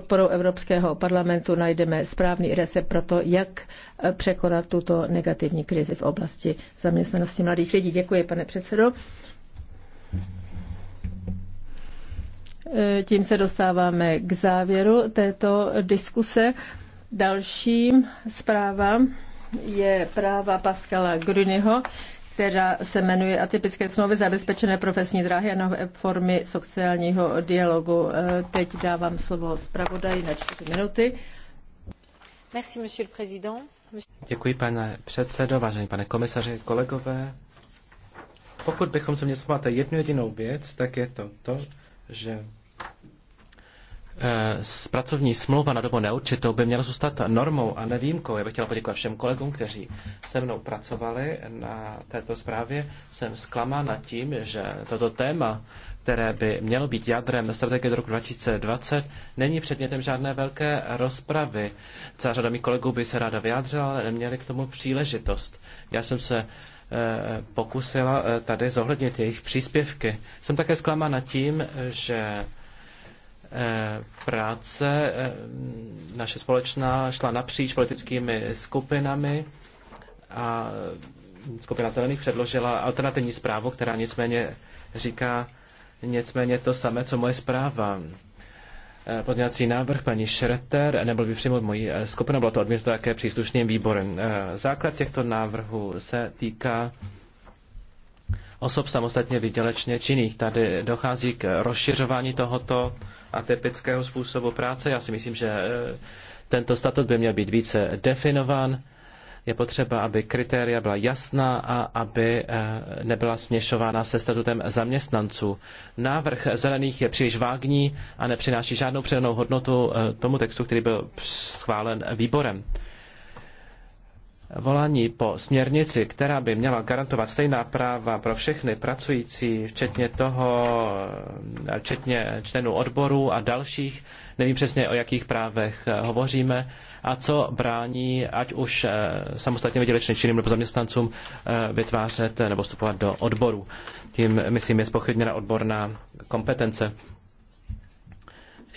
podporou Evropského parlamentu najdeme správný recept pro to, jak eh, překonat tuto negativní krizi v oblasti zaměstnanosti mladých lidí. Děkuji, pane předsedo. Eh, tím se dostáváme k závěru této diskuse. Dalším zpráva je práva Pascala Grunyho, která se jmenuje Atypické smlouvy zabezpečené profesní dráhy a nové formy sociálního dialogu. E, teď dávám slovo zpravodaji na čtyři minuty. Merci, monsieur le président. Děkuji, pane předsedo, vážený pane komisaři, kolegové. Pokud bychom se měli jednu jedinou věc, tak je to to, že Eh, pracovní smlouva na dobu neurčitou by měla zůstat normou a nevýjimkou. Já bych chtěla poděkovat všem kolegům, kteří se mnou pracovali na této zprávě. Jsem zklamána tím, že toto téma, které by mělo být jádrem strategie do roku 2020, není předmětem žádné velké rozpravy. Celá řada mých kolegů by se ráda vyjádřila, ale neměli k tomu příležitost. Já jsem se eh, pokusila eh, tady zohlednit jejich příspěvky. Jsem také zklamána tím, že Eh, práce eh, naše společná šla napříč politickými skupinami a skupina zelených předložila alternativní zprávu, která nicméně říká nicméně to samé, co moje zpráva. Eh, pozměňovací návrh paní Šreter nebyl by přímo mojí skupinou, bylo to odmítnuto také příslušným výborem. Základ těchto návrhů se týká osob samostatně výdělečně činných. Tady dochází k rozšiřování tohoto atypického způsobu práce. Já si myslím, že eh, tento statut by měl být více definován. Je potřeba, aby kritéria byla jasná a aby eh, nebyla směšována se statutem zaměstnanců. Návrh zelených je příliš vágní a nepřináší žádnou přidanou hodnotu eh, tomu textu, který byl schválen výborem volání po směrnici, která by měla garantovat stejná práva pro všechny pracující, včetně toho, včetně členů odborů a dalších, nevím přesně, o jakých právech eh, hovoříme, a co brání, ať už eh, samostatně vydělečným činným nebo zaměstnancům, eh, vytvářet nebo vstupovat do odboru. Tím, myslím, je spochybněna odborná kompetence.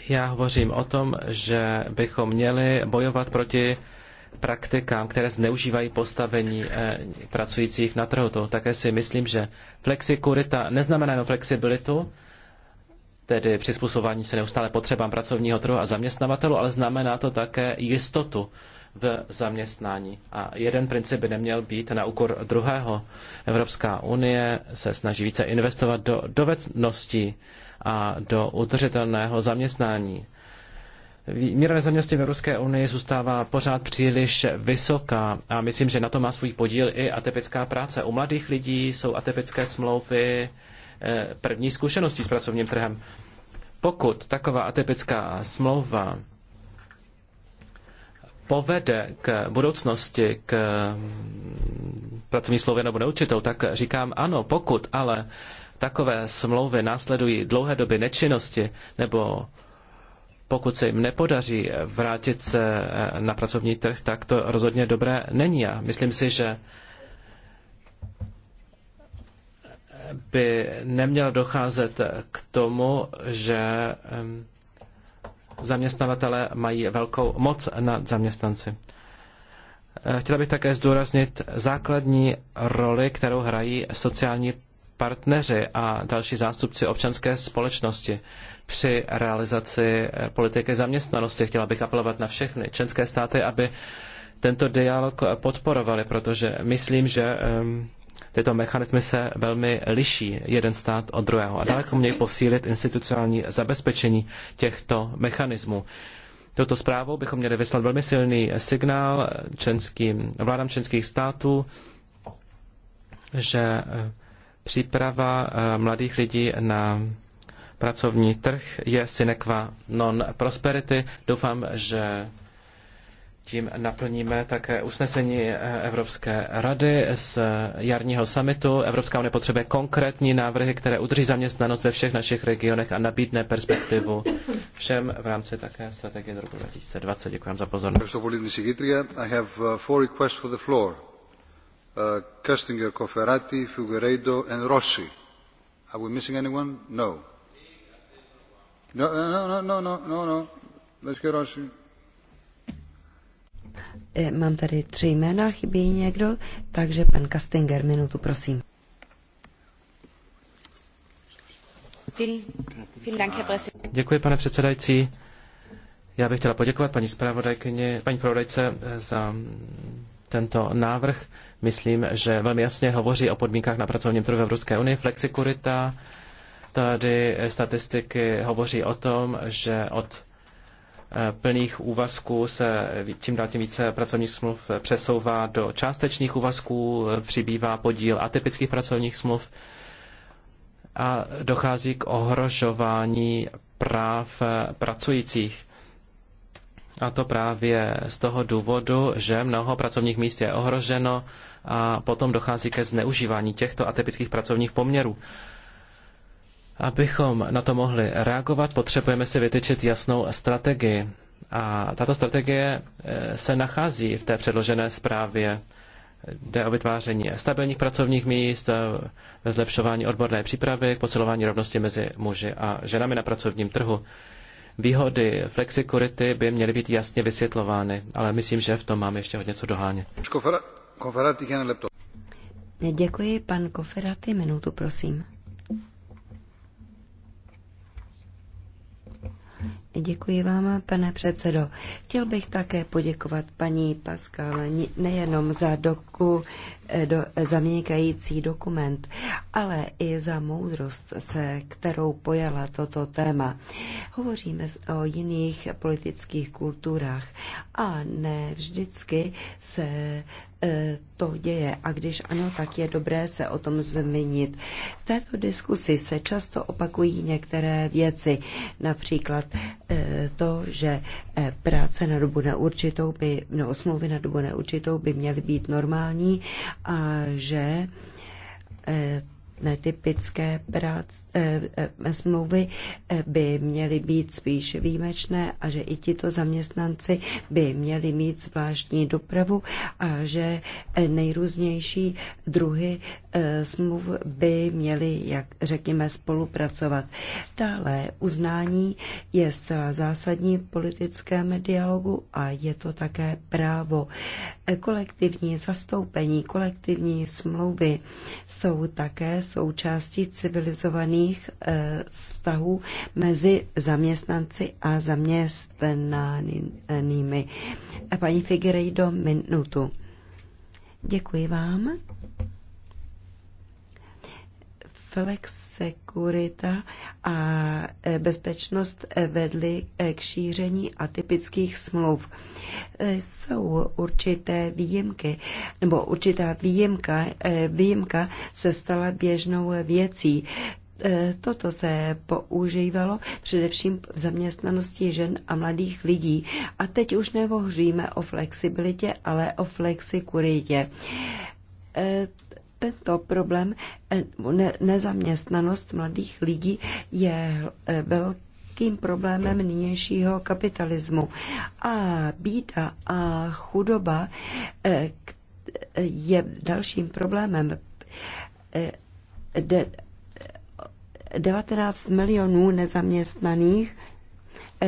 Já hovořím o tom, že bychom měli bojovat proti praktikám, které zneužívají postavení eh, pracujících na trhu. To také si myslím, že flexikurita neznamená jenom flexibilitu, tedy přizpůsobování se neustále potřebám pracovního trhu a zaměstnavatelů, ale znamená to také jistotu v zaměstnání. A jeden princip by neměl být na úkor druhého. Evropská unie se snaží více investovat do dovedností a do udržitelného zaměstnání Míra nezaměstnanosti v Evropské unii zůstává pořád příliš vysoká a myslím, že na to má svůj podíl i atypická práce. U mladých lidí jsou atypické smlouvy eh, první zkušeností s pracovním trhem. Pokud taková atypická smlouva povede k budoucnosti, k mm, pracovní smlouvě nebo neurčitou, tak říkám ano, pokud ale takové smlouvy následují dlouhé doby nečinnosti nebo pokud se jim nepodaří vrátit se eh, na pracovní trh, tak to rozhodně dobré není. A myslím si, že by nemělo docházet k tomu, že zaměstnavatele mají velkou moc nad zaměstnanci. Eh, chtěla bych také zdůraznit základní roli, kterou hrají sociální partneři a další zástupci občanské společnosti při realizaci eh, politiky zaměstnanosti. Chtěla bych apelovat na všechny členské státy, aby tento dialog eh, podporovali, protože myslím, že ehm, tyto mechanismy se velmi liší jeden stát od druhého a daleko mějí posílit institucionální zabezpečení těchto mechanismů. Touto zprávou bychom měli vyslat velmi silný signál eh, členským, vládám členských států, že Příprava eh, mladých lidí na pracovní trh je sine qua non prosperity. Doufám, že tím naplníme také usnesení eh, Evropské rady z jarního summitu. Evropská unie potřebuje konkrétní návrhy, které udrží zaměstnanost ve všech našich regionech a nabídne perspektivu všem v rámci také strategie do roku 2020. Děkuji vám za pozornost. Uh, Cofferati, Rossi. Are we missing anyone? No. No, no, no, no, no, no. no. Rossi. Eh, mám tady tři jména, chybí někdo, takže pan Kastinger, minutu, prosím. Děkuji, pane předsedající. Já bych chtěla poděkovat paní zpravodajce eh, za tento návrh, myslím, že velmi jasně hovoří o podmínkách na pracovním trhu v Evropské unii. Flexikurita, tady statistiky hovoří o tom, že od eh, plných úvazků se tím dál tím více pracovních smluv přesouvá do částečných úvazků, eh, přibývá podíl atypických pracovních smluv a dochází k ohrožování práv eh, pracujících. A to právě z toho důvodu, že mnoho pracovních míst je ohroženo a potom dochází ke zneužívání těchto atypických pracovních poměrů. Abychom na to mohli reagovat, potřebujeme si vytyčit jasnou strategii. A tato strategie eh, se nachází v té předložené zprávě. Jde o vytváření stabilních pracovních míst, eh, ve zlepšování odborné přípravy, k posilování rovnosti mezi muži a ženami na pracovním trhu výhody flexikurity by měly být jasně vysvětlovány, ale myslím, že v tom máme ještě hodně co dohánět. Děkuji, pan Koferaty, minutu, prosím. Děkuji vám, pane předsedo. Chtěl bych také poděkovat paní Pascal nejenom za doku, eh, do, zaměnikající dokument, ale i za moudrost, se kterou pojala toto téma. Hovoříme o jiných politických kulturách a ne vždycky se eh, to děje a když ano, tak je dobré se o tom zmínit. V této diskusi se často opakují některé věci, například Eh, to, že eh, práce na dobu neurčitou by, nebo smlouvy na dobu neurčitou by měly být normální a že eh, netypické práce smlouvy by měly být spíš výjimečné a že i tito zaměstnanci by měli mít zvláštní dopravu a že nejrůznější druhy Eh, smluv by měly, jak řekněme, spolupracovat. Dále uznání je zcela zásadní v politickém dialogu a je to také právo. Eh, kolektivní zastoupení, kolektivní smlouvy jsou také součástí civilizovaných eh, vztahů mezi zaměstnanci a zaměstnanými. Paní Figueiredo, minutu. Děkuji vám. Flex sekurita a e, bezpečnost e, vedly e, k šíření atypických smluv. Jsou určité výjimky, nebo určitá výjimka, výjimka se stala běžnou věcí. Toto se používalo především v zaměstnanosti žen a mladých lidí. A teď už nehovoříme o flexibilitě, ale o flexikuritě tento problém, eh, ne, nezaměstnanost mladých lidí je eh, velkým problémem nynějšího kapitalismu. A bída a chudoba eh, je dalším problémem. 19 milionů nezaměstnaných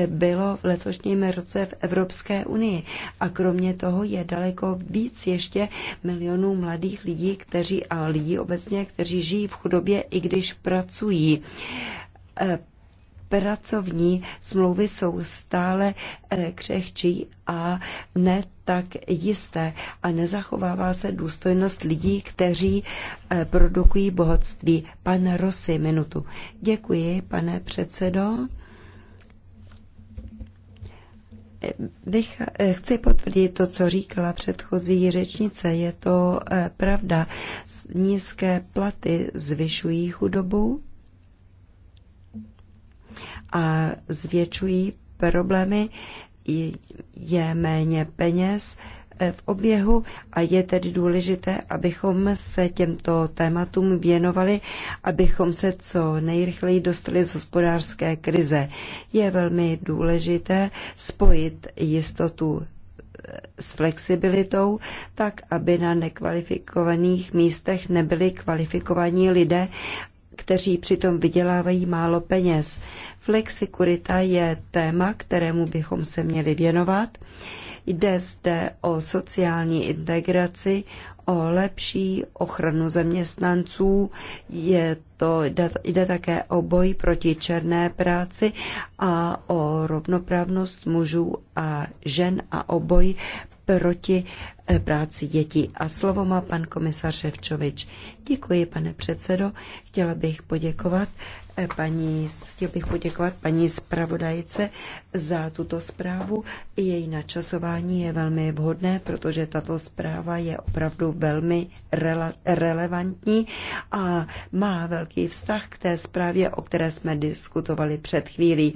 bylo v letošním roce v Evropské unii. A kromě toho je daleko víc ještě milionů mladých lidí, kteří a lidí obecně, kteří žijí v chudobě, i když pracují eh, pracovní smlouvy jsou stále eh, křehčí a ne tak jisté a nezachovává se důstojnost lidí, kteří eh, produkují bohatství. Pan Rosy, minutu. Děkuji, pane předsedo. Bych, eh, chci potvrdit to, co říkala předchozí řečnice. Je to eh, pravda. Nízké platy zvyšují chudobu a zvětšují problémy. Je méně peněz, v oběhu a je tedy důležité, abychom se těmto tématům věnovali, abychom se co nejrychleji dostali z hospodářské krize. Je velmi důležité spojit jistotu eh, s flexibilitou, tak aby na nekvalifikovaných místech nebyli kvalifikovaní lidé kteří přitom vydělávají málo peněz. Flexikurita je téma, kterému bychom se měli věnovat. Jde zde o sociální integraci, o lepší ochranu zaměstnanců, je to, jde, také o boj proti černé práci a o rovnoprávnost mužů a žen a o boj proti práci dětí. A slovo má pan komisař Ševčovič. Děkuji, pane předsedo. Chtěla bych poděkovat eh, paní, chtěl bych poděkovat paní zpravodajce za tuto zprávu. Její načasování je velmi vhodné, protože tato zpráva je opravdu velmi rele, relevantní a má velký vztah k té zprávě, o které jsme diskutovali před chvílí.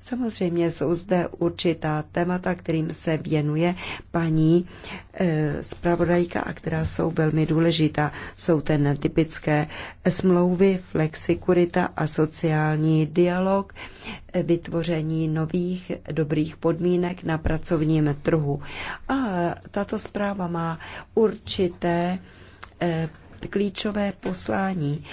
Samozřejmě jsou zde určitá témata, kterým se věnuje paní eh, zpravodajka a která jsou velmi důležitá. Jsou ten typické smlouvy, flexikurita a sociální dialog, vytvoření nových dobrých podmínek na pracovním trhu. A tato zpráva má určité eh, klíčové poslání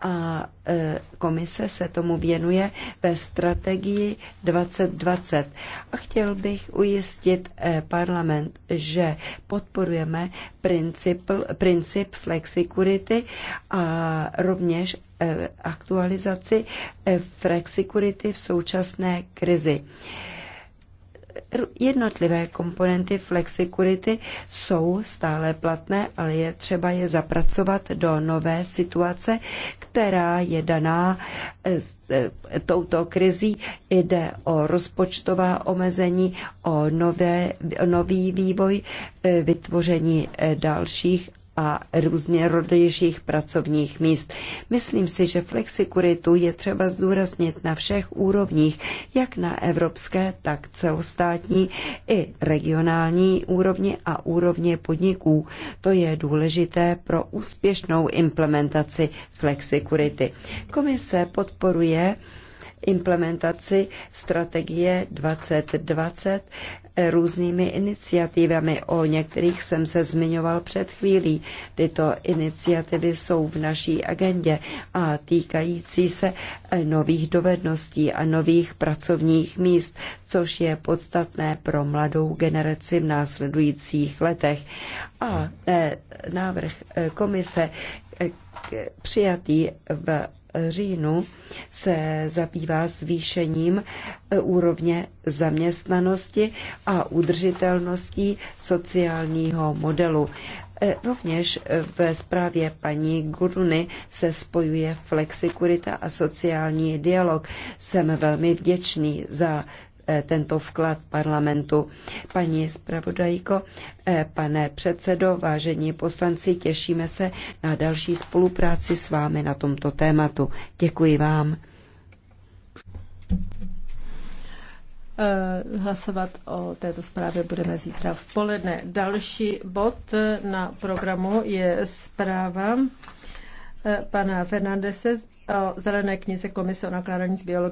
a e, komise se tomu věnuje ve strategii 2020. A chtěl bych ujistit e, parlament, že podporujeme princip, princip flexicurity a rovněž e, aktualizaci flexicurity v současné krizi jednotlivé komponenty flexikurity jsou stále platné, ale je třeba je zapracovat do nové situace, která je daná eh, eh, touto krizí. Jde o rozpočtová omezení, o nové, nový vývoj, eh, vytvoření dalších a různě různěrodějších pracovních míst. Myslím si, že flexikuritu je třeba zdůraznit na všech úrovních, jak na evropské, tak celostátní i regionální úrovni a úrovně podniků. To je důležité pro úspěšnou implementaci flexikurity. Komise podporuje implementaci strategie 2020 různými iniciativami. O některých jsem se zmiňoval před chvílí. Tyto iniciativy jsou v naší agendě a týkající se eh, nových dovedností a nových pracovních míst, což je podstatné pro mladou generaci v následujících letech. A eh, návrh eh, komise přijatý v říjnu se zabývá zvýšením e, úrovně zaměstnanosti a udržitelností sociálního modelu. E, rovněž e, ve zprávě paní Guruny se spojuje flexikurita a sociální dialog. Jsem velmi vděčný za Eh, tento vklad parlamentu. Paní zpravodajko, eh, pane předsedo, vážení poslanci, těšíme se na další spolupráci s vámi na tomto tématu. Děkuji vám. Eh, hlasovat o této zprávě budeme zítra v poledne. Další bod na programu je zpráva pana Fernandese o zelené knize Komise o nakládání s biologií.